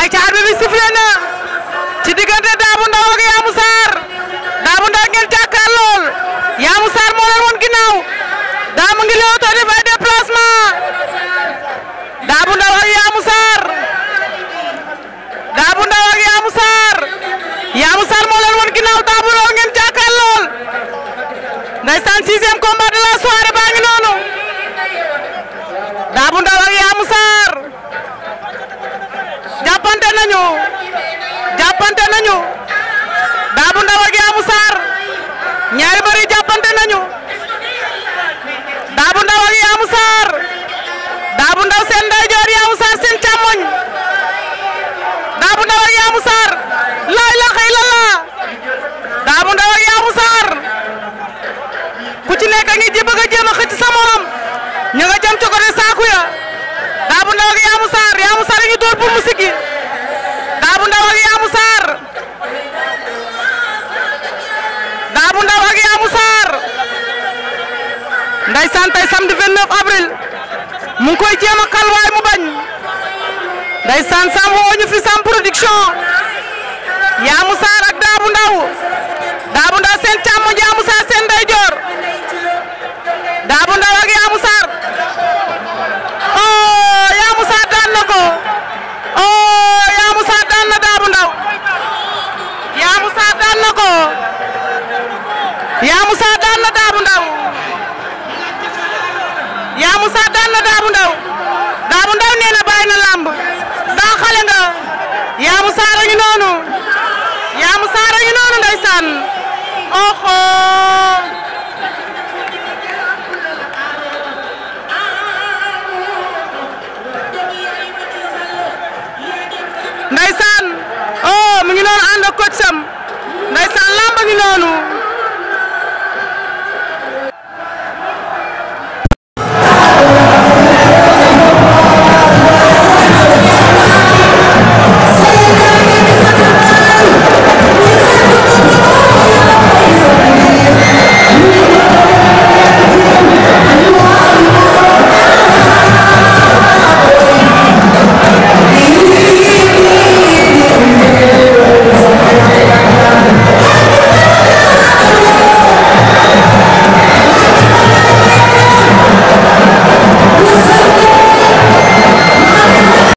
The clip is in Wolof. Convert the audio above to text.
ay ca arbitre bi sifflé na ci diggante Daabu Ndaw ak Yamou Sarr Daabu Ndaw ngeen jàkkaar lool Yamou Sarr moo leen woon ginnaaw daa mu ngi leewtoo def ay déplacement Daabu Ndaw ak Yamou Sarr Daabu Ndaw ak Yamou Sarr Yamou Sarr moo leen woon ginnaaw Daabu Ndaw ngeen jàkkaar lool ndaysaan sixième ko nañu jappante nañu Daabu Ndaw ak Yaamu Saar ñaari bari jappante jàppante nañu Daabu Ndaw ak Yaamu Saar Daabu Ndaw seen ndeyjoor Yaamu Saar seen càmmoñ Daabu Ndaw ak Yaamu Saar laa ilaaha illallaah Daabu Ndaw ak Yaamu Saar ku ci nek ngi bëgg jëma xëc sa morom ñu nga jëm ci saaku ya Daabu Ndaw ak Yaamu Saar Yaamu Saar door bu musiki ndeysaan tey samedi 29 avril mu ngi koy jéem a kal waaye mu bañ ndeysaan Sam woo fi Sam production Yamou Sarr ak Daabu Ndaw Daabu Ndaw seen càmmoñ Yamou Sarr seen ndeyjoor Daabu Ndaw ak Yamou Sarr oh Yamou Sarr daan na oh, daan na Daabu Ndaw Yaamu Saar a ngi noonu Yaamu Saar a ngi noonu ndeysaan oxo ndeysaan oh mu ngi noonu ànd ak coach am